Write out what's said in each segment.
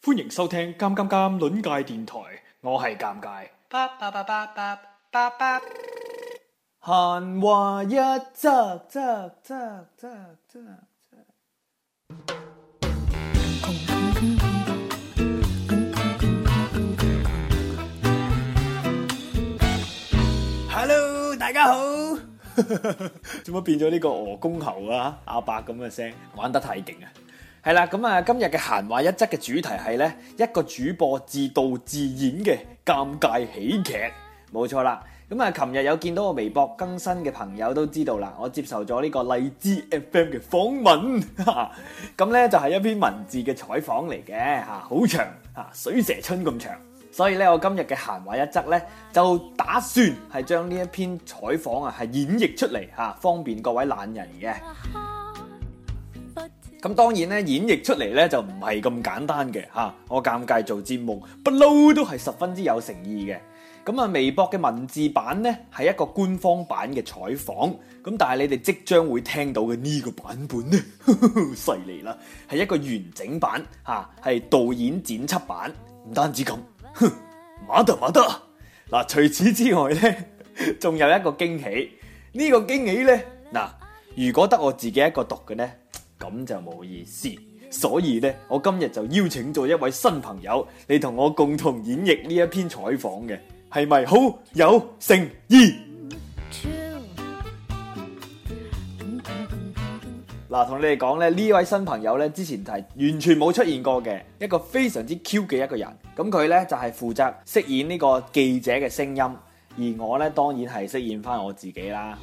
歡迎收聽《尷尷尷》論界電台，我係尷尬。閒話一則，Hello，大家好，做乜變咗呢個鵝公喉啊？阿伯咁嘅聲，玩得太勁啊！係啦，咁啊，今日嘅閒話一則嘅主題係呢一個主播自導自演嘅尷尬喜劇，冇錯啦。咁啊，琴日有見到我微博更新嘅朋友都知道啦，我接受咗呢個荔枝 FM 嘅訪問，咁呢，就係一篇文字嘅採訪嚟嘅吓，好長，吓，水蛇春咁長，所以呢，我今日嘅閒話一則呢，就打算係將呢一篇採訪啊係演繹出嚟吓，方便各位懶人嘅。咁當然咧，演繹出嚟咧就唔係咁簡單嘅嚇。我尷尬做節目，不嬲都係十分之有誠意嘅。咁啊，微博嘅文字版咧係一個官方版嘅採訪，咁但係你哋即將會聽到嘅呢個版本咧，犀利啦，係一個完整版嚇，係導演剪輯版，唔單止咁，哼，馬得馬得嗱。除此之外咧，仲有一個驚喜，呢個驚喜咧嗱，如果得我自己一個讀嘅咧。咁就冇意思，所以呢，我今日就邀請做一位新朋友嚟同我共同演繹呢一篇採訪嘅，係咪好有誠意？嗱、嗯，同、嗯呃、你哋講咧，呢位新朋友呢，之前係完全冇出現過嘅，一個非常之 Q 嘅一個人，咁佢呢就係、是、負責飾演呢個記者嘅聲音，而我呢，當然係飾演翻我自己啦。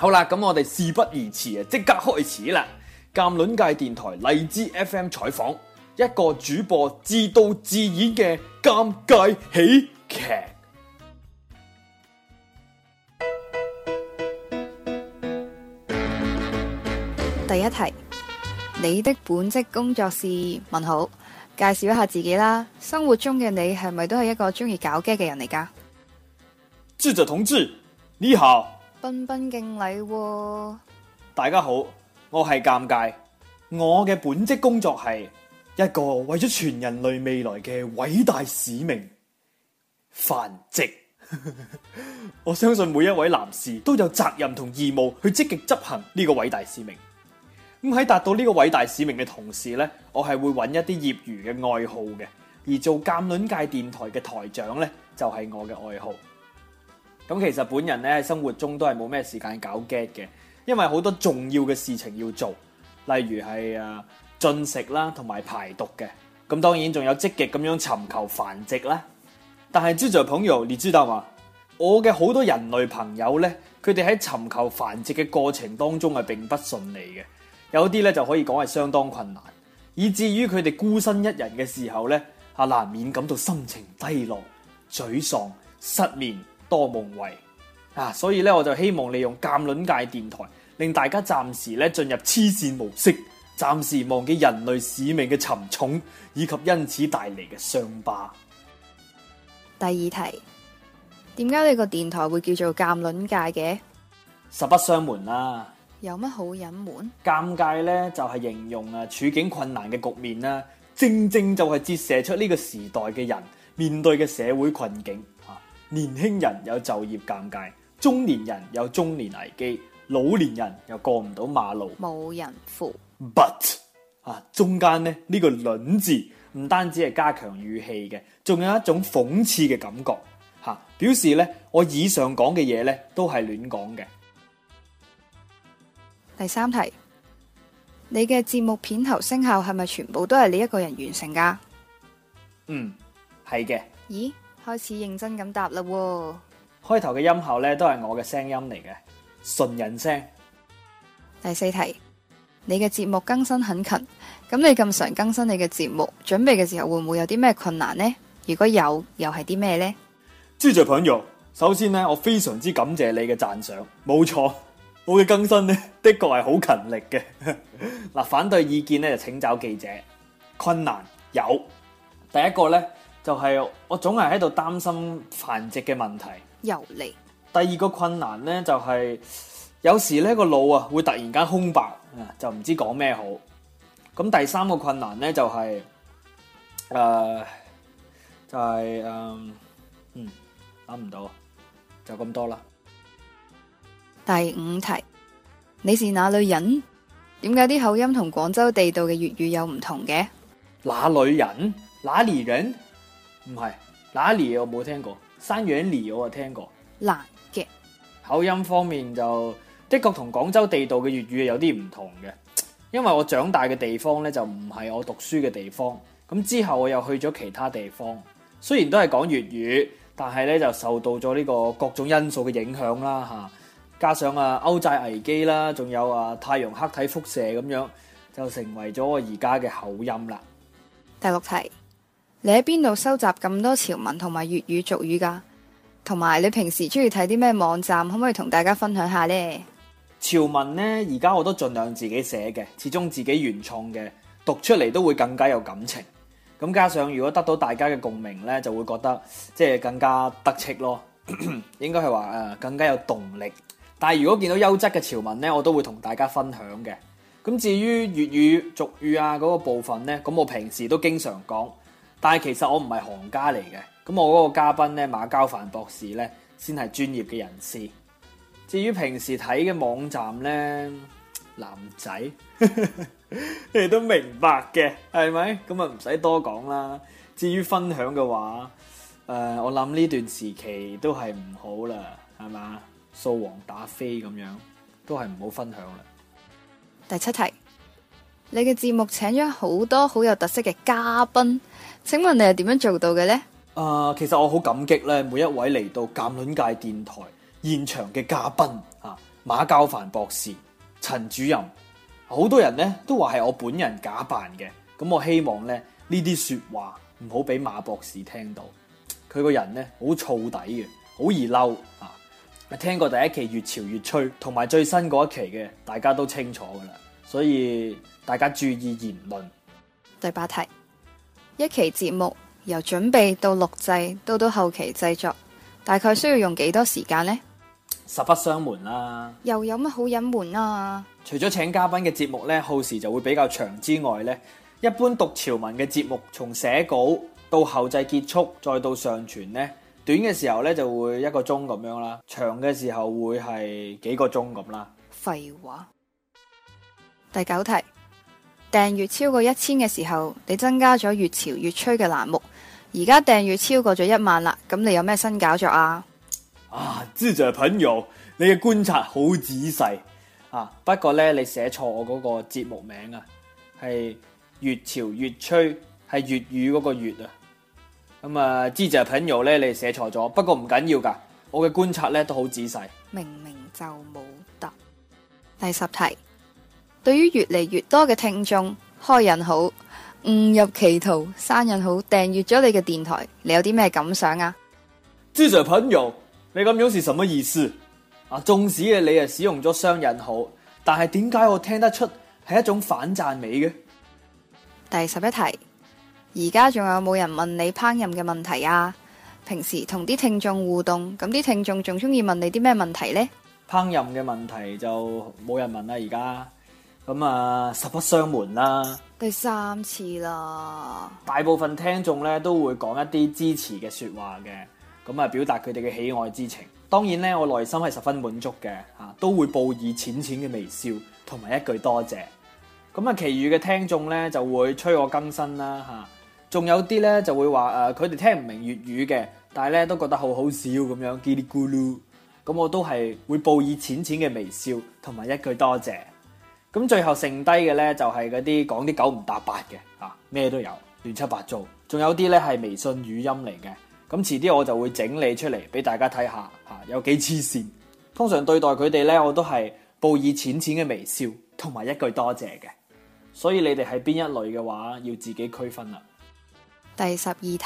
好啦，咁我哋事不宜遲啊，即刻開始啦！鑒論界電台荔枝 FM 採訪一個主播自導自演嘅尷尬喜劇。第一題，你的本職工作是問好，介紹一下自己啦。生活中嘅你係咪都係一個中意搞機嘅人嚟㗎？智者同志，你好。彬彬敬禮、哦。大家好，我係尷尬。我嘅本職工作係一個為咗全人類未來嘅偉大使命繁殖。 我相信每一位男士都有責任同義務去積極執行呢個偉大使命。咁喺達到呢個偉大使命嘅同時呢，我係會揾一啲業餘嘅愛好嘅，而做鑒論界電台嘅台長呢就係我嘅愛好。咁其實本人咧喺生活中都係冇咩時間搞 get 嘅，因為好多重要嘅事情要做，例如係啊進食啦，同埋排毒嘅。咁當然仲有積極咁樣尋求繁殖啦。但係諸位朋友，你知道嘛？我嘅好多人類朋友咧，佢哋喺尋求繁殖嘅過程當中係並不順利嘅。有啲咧就可以講係相當困難，以至於佢哋孤身一人嘅時候咧，啊難免感到心情低落、沮喪、失眠。多夢為啊！所以咧，我就希望利用鑑論界電台，令大家暫時咧進入黐線模式，暫時忘記人類使命嘅沉重以及因此帶嚟嘅傷疤。第二題，點解你個電台會叫做鑑論界嘅？實不相瞞啊，有乜好隱瞞？尷尬咧，就係形容啊處境困難嘅局面啦，正正就係折射出呢個時代嘅人面對嘅社會困境。年輕人有就業尷尬，中年人有中年危機，老年人又過唔到馬路，冇人扶。But 啊，中間咧呢個“卵”字唔單止係加強語氣嘅，仲有一種諷刺嘅感覺。吓，表示我以上講嘅嘢咧都係亂講嘅。第三題，你嘅節目片頭聲效係咪全部都係你一個人完成噶？嗯，係嘅。咦？開始認真咁答啦喎！開頭嘅音效咧都係我嘅聲音嚟嘅，純人聲。第四題，你嘅節目更新很勤，咁你咁常更新你嘅節目，準備嘅時候會唔會有啲咩困難呢？如果有，又係啲咩呢？諸位朋友。首先咧，我非常之感謝你嘅讚賞。冇錯，我嘅更新呢，的確係好勤力嘅。嗱， 反對意見呢，就請找記者。困難有第一個呢。就係我總係喺度擔心繁殖嘅問題。油膩。第二個困難呢，就係有時呢個腦啊會突然間空白啊，就唔知講咩好。咁第三個困難呢，就係呃，就係、是、誒、呃、就係嗯諗唔到就咁多啦。第五題，你是哪裏人？點解啲口音同廣州地道嘅粵語有唔同嘅？哪裏人？哪裏人？唔係，那年我冇聽過，山羊年我啊聽過，難嘅的口音方面就的確同廣州地道嘅粵語有啲唔同嘅，因為我長大嘅地方咧就唔係我讀書嘅地方，咁之後我又去咗其他地方，雖然都係講粵語，但係咧就受到咗呢個各種因素嘅影響啦吓，加上啊歐債危機啦，仲有啊太陽黑體輻射咁樣，就成為咗我而家嘅口音啦。第六題。你喺邊度收集咁多潮文同埋粵語俗語噶？同埋你平時中意睇啲咩網站？可唔可以同大家分享下呢？潮文呢，而家我都盡量自己寫嘅，始終自己原創嘅，讀出嚟都會更加有感情。咁加上如果得到大家嘅共鳴呢，就會覺得即係更加得戚咯。咳咳應該係話誒，更加有動力。但係如果見到優質嘅潮文呢，我都會同大家分享嘅。咁至於粵語俗語啊嗰個部分呢，咁我平時都經常講。但係其實我唔係行家嚟嘅，咁我嗰個嘉賓咧馬交凡博士咧先係專業嘅人士。至於平時睇嘅網站咧，男仔 你哋都明白嘅，係咪？咁啊唔使多講啦。至於分享嘅話，誒、呃、我諗呢段時期都係唔好啦，係嘛？掃黃打非咁樣都係唔好分享啦。第七題，你嘅節目請咗好多好有特色嘅嘉賓。請問你係點樣做到嘅呢？誒、呃，其實我好感激咧，每一位嚟到鑑論界電台現場嘅嘉賓啊，馬交凡博士、陳主任，好多人咧都話係我本人假扮嘅。咁我希望咧呢啲說話唔好俾馬博士聽到，佢個人咧好燥底嘅，好易嬲啊！聽過第一期越潮越吹，同埋最新嗰一期嘅，大家都清楚噶啦，所以大家注意言論。第八題。一期節目由準備到錄製到到後期製作，大概需要用幾多時間呢？實不相瞞啦，又有乜好隱瞞啊？除咗請嘉賓嘅節目咧耗時就會比較長之外咧，一般讀潮文嘅節目從寫稿到後製結束再到上傳咧，短嘅時候咧就會一個鐘咁樣啦，長嘅時候會係幾個鐘咁啦。廢話。第九題。訂閱超過一千嘅時候，你增加咗越潮越吹嘅欄目。而家訂閱超過咗一萬啦，咁你有咩新搞作啊？啊，知就係朋友，你嘅觀察好仔細啊！不過咧，你寫錯我嗰個節目名月月啊，係越潮越吹，係粵語嗰個粵啊。咁啊，知就係朋友咧，你寫錯咗，不過唔緊要噶，我嘅觀察咧都好仔細。明明就冇得第十題。對於越嚟越多嘅聽眾，開引號誤入歧途，閂引號訂閱咗你嘅電台，你有啲咩感想啊？主持人朋友，你咁表示什麼意思啊？縱使嘅你啊使用咗雙引號，但係點解我聽得出係一種反讚美嘅？第十一題，而家仲有冇人問你烹飪嘅問題啊？平時同啲聽眾互動，咁啲聽眾仲中意問你啲咩問題呢？烹飪嘅問題就冇人問啦，而家。咁啊，實不相瞞啦，第三次啦。大部分聽眾咧都會講一啲支持嘅説話嘅，咁啊表達佢哋嘅喜愛之情。當然咧，我內心係十分滿足嘅嚇，都會報以淺淺嘅微笑同埋一句多謝。咁啊，其餘嘅聽眾咧就會催我更新啦嚇，仲有啲咧就會話誒佢哋聽唔明粵語嘅，但係咧都覺得好好笑咁樣，嘰里咕嚕。咁我都係會報以淺淺嘅微笑同埋一句多謝。咁最後剩低嘅呢，就係嗰啲講啲九唔搭八嘅，啊咩都有，亂七八糟。仲有啲呢，係微信語音嚟嘅，咁遲啲我就會整理出嚟俾大家睇下，吓有幾黐線。通常對待佢哋呢，我都係報以淺淺嘅微笑同埋一句多謝嘅。所以你哋係邊一類嘅話，要自己區分啦。第十二題，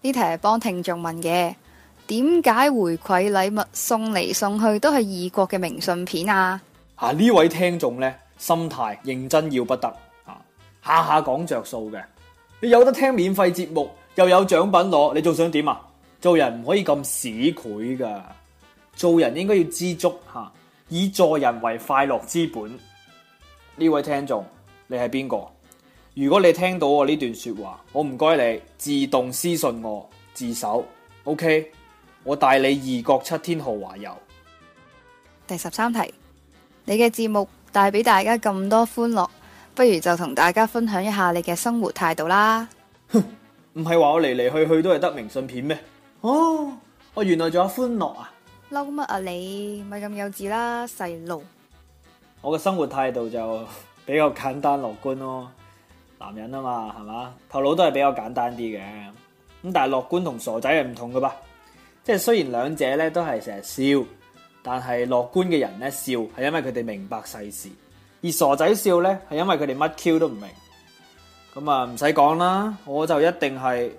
呢題係幫聽眾問嘅，點解回饋禮物送嚟送去都係異國嘅明信片啊？吓呢位聽眾呢。心態認真要不得！吓下下講着數嘅，你有得聽免費節目，又有獎品攞，你仲想點啊？做人唔可以咁市儈噶，做人應該要知足吓，以助人為快樂之本。呢位聽眾，你係邊個？如果你聽到我呢段說話，我唔該你自動私信我自首，OK？我帶你異國七天豪華遊。第十三題，你嘅節目帶俾大家咁多歡樂，不如就同大家分享一下你嘅生活態度啦。哼，唔係話我嚟嚟去去都係得明信片咩？哦，我原來仲有歡樂啊！嬲乜啊你？咪咁幼稚啦，細路。我嘅生活態度就比較簡單樂觀咯。男人啊嘛，係嘛，頭腦都係比較簡單啲嘅。咁但係樂觀同傻仔係唔同噶吧？即係雖然兩者咧都係成日笑。但係樂觀嘅人咧笑，係因為佢哋明白世事；而傻仔笑咧，係因為佢哋乜 Q 都唔明。咁啊，唔使講啦，我就一定係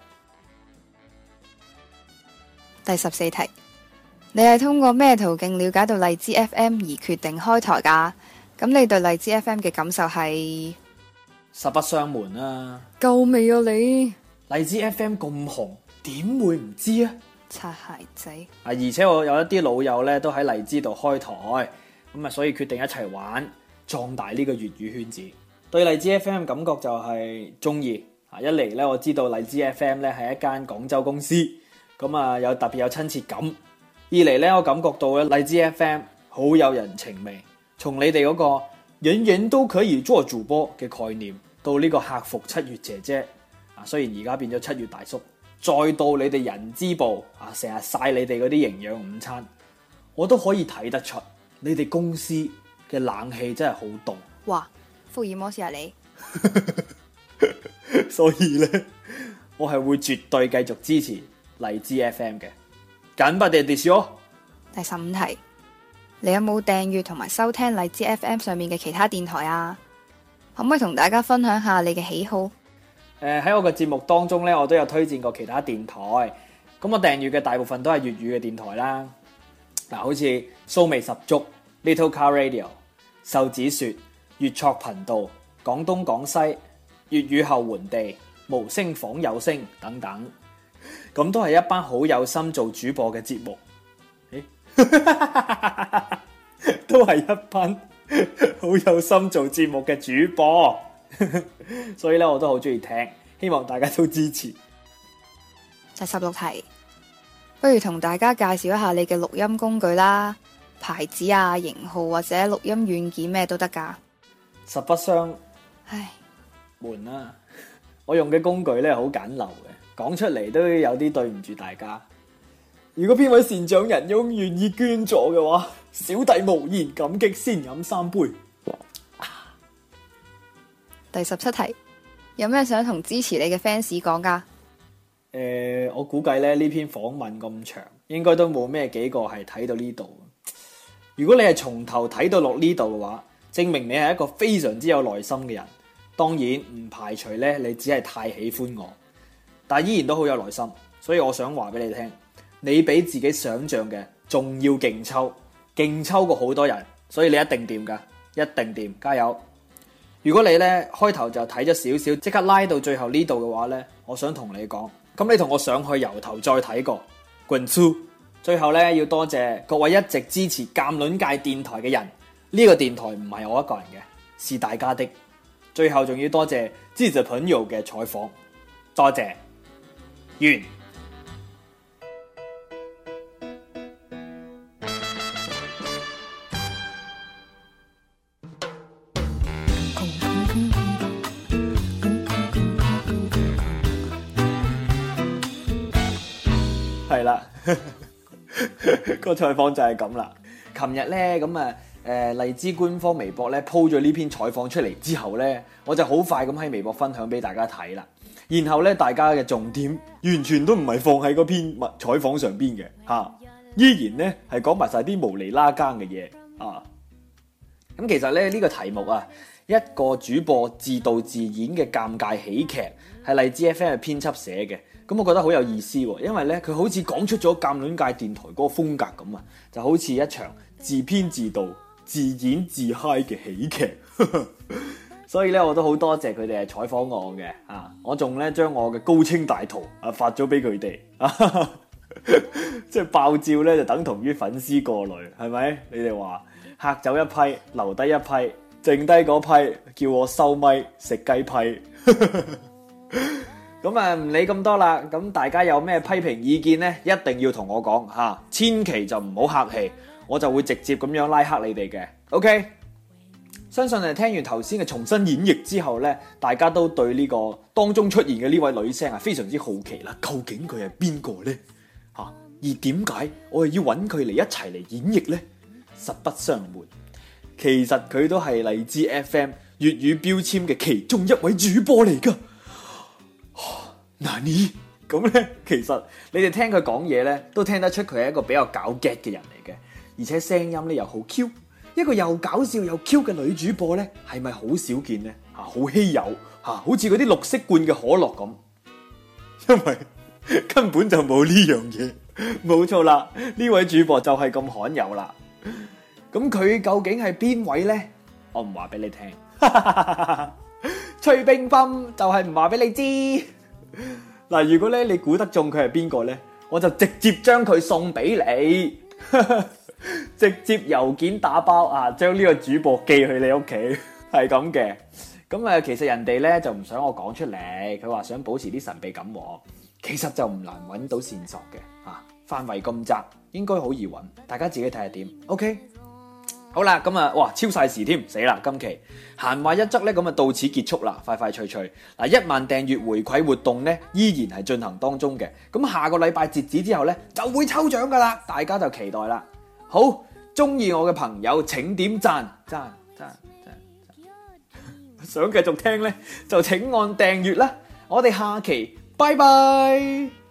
第十四題。你係通過咩途徑了解到荔枝 FM 而決定開台噶？咁你對荔枝 FM 嘅感受係？實不相瞞啊？夠味啊你！荔枝 FM 咁紅，點會唔知啊？擦鞋仔啊！而且我有一啲老友咧都喺荔枝度開台，咁啊，所以決定一齊玩，壯大呢個粵語圈子。對荔枝 FM 感覺就係中意啊！一嚟咧，我知道荔枝 FM 咧係一間廣州公司，咁啊有特別有親切感。二嚟咧，我感覺到咧荔枝 FM 好有人情味。從你哋嗰個人人都可以做主播嘅概念，到呢個客服七月姐姐啊，雖然而家變咗七月大叔。再到你哋人資部啊，成日晒你哋嗰啲營養午餐，我都可以睇得出你哋公司嘅冷氣真係好凍。哇，福爾摩斯啊你， 所以咧，我係會絕對繼續支持荔枝 FM 嘅。緊不哋 disco。第十五題，你有冇訂閱同埋收聽荔枝 FM 上面嘅其他電台啊？可唔可以同大家分享下你嘅喜好？誒，喺我嘅節目當中咧，我都有推薦過其他電台。咁我訂閱嘅大部分都係粵語嘅電台啦。嗱，好似蘇味十足、Little Car Radio、秀子說粵錯頻道、廣東廣西粵語後援地、無聲坊有聲等等，咁都係一班好有心做主播嘅節目。都係一班好有心做節目嘅主播。 所以咧，我都好中意聽，希望大家都支持。第十六題，不如同大家介紹一下你嘅錄音工具啦，牌子啊、型號或者錄音軟件咩都得噶。實不相，唉，瞞啦、啊。我用嘅工具咧好簡陋嘅，講出嚟都有啲對唔住大家。如果邊位善長仁翁願意捐助嘅話，小弟無言感激，先飲三杯。第十七題，有咩想同支持你嘅 fans 講噶？誒、呃，我估計咧呢篇訪問咁長，應該都冇咩幾個係睇到呢度。如果你係從頭睇到落呢度嘅話，證明你係一個非常之有耐心嘅人。當然唔排除咧，你只係太喜歡我，但依然都好有耐心。所以我想話俾你聽，你比自己想象嘅仲要勁抽，勁抽過好多人，所以你一定掂噶，一定掂，加油！如果你咧開頭就睇咗少少，即刻拉到最後呢度嘅話咧，我想同你講，咁你同我上去由頭再睇過。滾粗！最後咧要多謝各位一直支持鑒論界電台嘅人，呢個電台唔係我一個人嘅，是大家的。最後仲要多謝支持朋友嘅採訪，多謝，完。係啦，呵呵，那個採訪就係咁啦。琴日咧咁啊，誒荔枝官方微博咧鋪咗呢篇採訪出嚟之後咧，我就好快咁喺微博分享俾大家睇啦。然後咧，大家嘅重點完全都唔係放喺嗰篇物採訪上邊嘅吓，依然咧係講埋晒啲無厘拉更嘅嘢啊。咁其實咧呢、這個題目啊，一個主播自導自演嘅尷尬喜劇，係荔枝 FM 嘅編輯寫嘅。咁我覺得好有意思喎，因為咧佢好似講出咗鑑戀界電台嗰個風格咁啊，就好似一場自編自導、自演自嗨嘅喜劇。 所以咧，我都好多謝佢哋係採訪我嘅啊。我仲咧將我嘅高清大圖啊發咗俾佢哋，即係爆照咧，就等同於粉絲過濾，係咪？你哋話嚇走一批，留低一批，剩低嗰批叫我收咪，食雞批。 咁啊，唔理咁多啦。咁大家有咩批評意見呢？一定要同我講吓，啊，千祈就唔好客氣，我就會直接咁樣拉黑你哋嘅。OK，相信你聽完頭先嘅重新演繹之後呢，大家都對呢個當中出現嘅呢位女聲啊，非常之好奇啦。究竟佢係邊個呢？吓，啊，而點解我又要揾佢嚟一齊嚟演繹呢？實不相瞞，其實佢都係荔枝 FM 粵語標籤嘅其中一位主播嚟噶。嗱你咁咧，其實你哋聽佢講嘢咧，都聽得出佢係一個比較搞 get 嘅人嚟嘅，而且聲音咧又好 Q，一個又搞笑又 Q 嘅女主播咧，係咪好少見咧？吓，好稀有吓，好似嗰啲綠色罐嘅可樂咁，因為根本就冇呢樣嘢，冇錯啦，呢位主播就係咁罕有啦。咁佢究竟係邊位咧？我唔話俾你聽，崔冰芬就係唔話俾你知。嗱，如果咧你估得中佢係邊個呢，我就直接將佢送俾你哈哈，直接郵件打包啊，將呢個主播寄去你屋企，係咁嘅。咁誒，其實人哋呢就唔想我講出嚟，佢話想保持啲神秘感喎。其實就唔難揾到線索嘅，吓範圍咁窄，應該好易揾，大家自己睇下點。OK。好啦，咁啊，哇，超曬時添，死啦！今期閒話一則咧，咁啊到此結束啦，快快脆脆嗱，一萬訂閱回饋活動咧，依然係進行當中嘅，咁下個禮拜截止之後咧，就會抽獎㗎啦，大家就期待啦。好，鍾意我嘅朋友請點讚讚讚讚，想繼續聽咧就請按訂閱啦，我哋下期拜拜。